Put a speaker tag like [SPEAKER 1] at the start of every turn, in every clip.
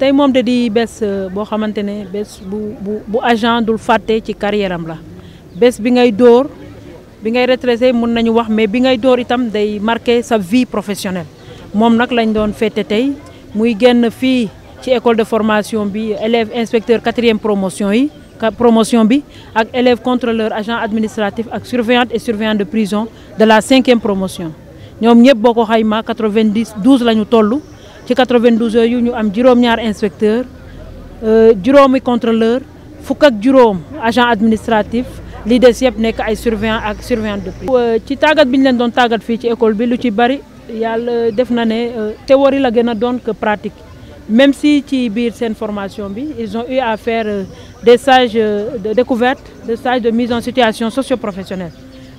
[SPEAKER 1] tay mom da di bés euh, bo xamantene ne bu bu agent dul faté ci carrière am la bés bi ngay dor bi ngay retraité mën nañu wax mais bi ngay dor itam day marqué sa vie professionnelle mom nak lañ doon fété tay muy génn fi ci école de formation bi élève inspecteur quatrième promotion yi promotion bi ak élève contrôleur agent administratif ak surveillante et surveillant de prison de la 5e promotion ñom ñëpp boko ko xayma 90 12 lañu tollu ci 92 heures yu ñu am ñaar inspecteur un euh, contrôleur un ak agent administratif li des yëpp nekk ay surveillant ak surveillant de prix euh, ci tàggat bi ñu leen doon tàggat fii ci école bi lu ci bari def na euh, théorie la gën pratique même si ci biir seen formation ils ont eu à faire des stages de découverte des stages de mise en situation socio-professionnelle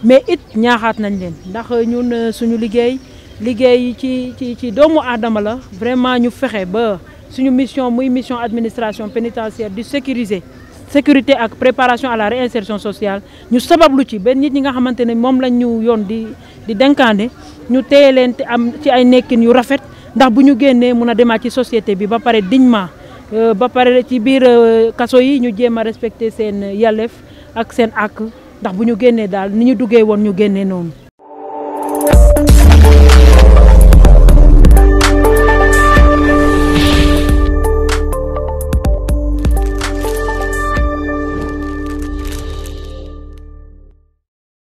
[SPEAKER 1] mais it ñaaxaat nañ leen ndax ñun suñu liggéey liggéey ci ci ci doomu aadama la vraiment ñu fexé ba suñu mission muy mission administration pénitentiaire du sécuriser sécurité ak préparation à la réinsertion sociale ñu lu ci Ben, nit ñi nga xamantene mom lañ ñu yoon di di dénkaane ñu téye leen te am ci ay nekkin yu rafet ndax buñu ñu mëna déma a ci société bi ba paré dignement euh, ba paré ci biir euh, kasso yi ñu jéma respecter sen yalef ak sen àq ndax buñu ñu dal ni ñu duggé won ñu génnee non